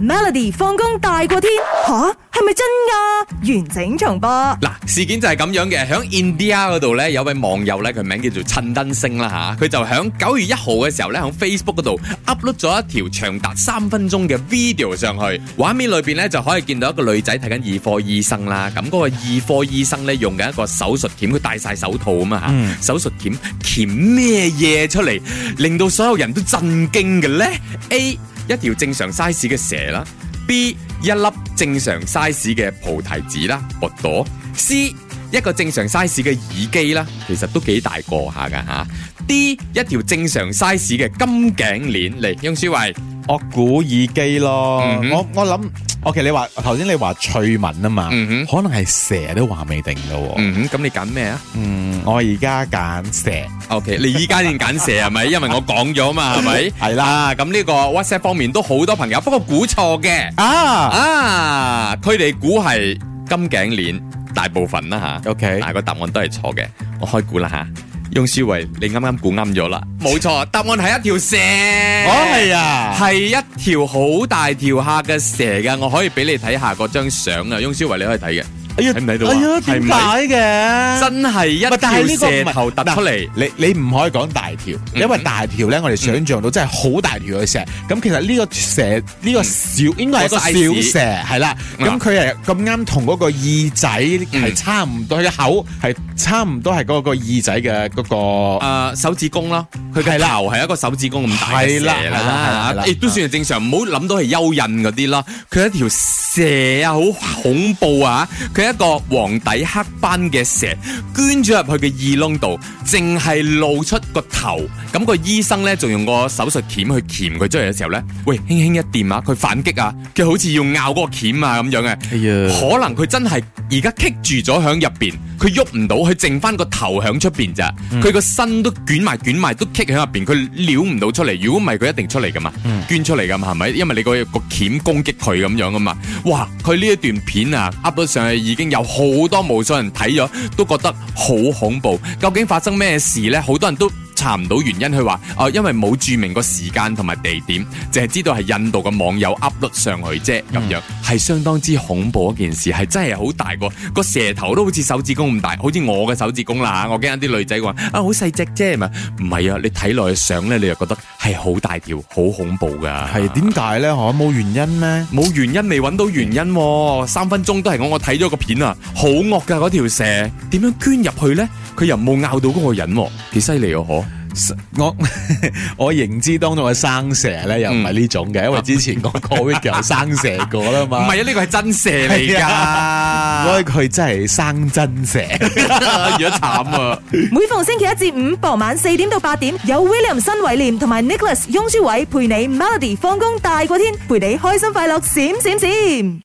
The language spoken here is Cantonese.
Melody 放工大過天吓，係咪真噶？完整重播嗱，事件就係咁樣嘅，響 India 嗰度咧，有位網友咧，佢名叫做陳登星啦吓，佢就響九月一號嘅時候咧，響 Facebook 嗰度 upload 咗一條長達三分鐘嘅 video 上去，畫面裏邊咧就可以見到一個女仔睇緊耳科醫生啦，咁嗰個耳科醫生咧用緊一個手術鉗，佢戴晒手套啊嘛吓，嗯、手術鉗鉗咩嘢出嚟，令到所有人都震驚嘅咧？A 一條正常 size 嘅蛇啦，B 一粒正常 size 嘅菩提子啦，花朵，C 一個正常 size 嘅耳機啦，其實都幾大個下㗎吓，D 一條正常 size 嘅金頸鏈嚟，楊書慧。我估耳機咯，mm hmm. 我我諗，OK，你話頭先你話趣聞啊嘛，mm hmm. 可能係蛇都話未定噶，咁你揀咩啊？Hmm. 嗯，mm hmm. 我而家揀蛇，OK，你依家先揀蛇係咪？ 因為我講咗啊嘛，係咪？ 係啦，咁呢個 WhatsApp 方面都好多朋友，不過估錯嘅，啊啊，佢哋估係金頸鏈，大部分啦吓、啊、，OK，但係個答案都係錯嘅，我開估啦吓。啊鍾思慧，你啱啱估啱咗啦，冇錯，答案係一條蛇，哦，係啊，係一條好大條下嘅蛇噶，我可以俾你睇下嗰張相啊，鍾思慧你可以睇嘅。我要唔睇到？係唔係？真係一條蛇頭突出嚟，你你唔可以講大條，因為大條咧，我哋想象到真係好大條嘅蛇。咁其實呢個蛇呢個小，應該係個小蛇，係啦。咁佢係咁啱同嗰個耳仔係差唔多，佢嘅口係差唔多係嗰個耳仔嘅嗰個誒手指公咯。佢嘅頭係一個手指公咁大。係啦，係啦，係啦，亦都算係正常。唔好諗到係蚯蚓嗰啲咯。佢係一條蛇啊，好恐怖啊！佢。一個黃底黑斑嘅蛇，捐咗入佢嘅耳窿度，淨係露出個頭。咁個醫生咧，仲用個手術鉗去鉗佢出嚟嘅時候咧，喂，輕輕一掂啊，佢反擊啊，佢好似要咬嗰個鉗啊咁樣嘅。Yeah. 可能佢真係而家棘住咗響入邊，佢喐唔到，佢剩翻個頭響出邊咋？佢個、mm. 身都捲埋捲埋，都棘響入邊，佢撩唔到出嚟。如果唔係，佢一定出嚟噶嘛？Mm. 捐出嚟噶嘛？係咪？因為你個個鉗攻擊佢咁樣噶嘛？哇！佢呢一段片啊，up 咗上去已經有好多無數人睇咗，都覺得好恐怖。究竟發生咩事呢？好多人都。查唔到原因，佢話哦，因為冇注明個時間同埋地點，淨係知道係印度嘅網友 up 上去啫，咁、嗯、樣係相當之恐怖一件事，係真係好大個，個蛇頭都好似手指公咁大，好似我嘅手指公啦，我驚啲女仔話啊，好細隻啫嘛，唔係啊，你睇落去相咧，你又覺得係好大條，好恐怖噶，係點解咧？嗬，冇、啊、原因咩？冇原因未揾到原因、啊，三分鐘都係我我睇咗個片個啊，好惡噶嗰條蛇，點樣捐入去咧？佢又冇咬到嗰個人，幾犀利哦，嗬！我 我認知當中嘅生蛇咧，又唔係呢種嘅，因為之前我個 video 生蛇過啦嘛，唔係啊，呢個係真蛇嚟㗎，因為佢真係生真蛇，而家慘啊！每逢星期一至五傍晚四點到八點，有 William、新偉廉同埋 Nicholas、雍舒偉陪，陪你 Melody 放工大過天，陪你開心快樂閃閃閃。閃閃閃閃。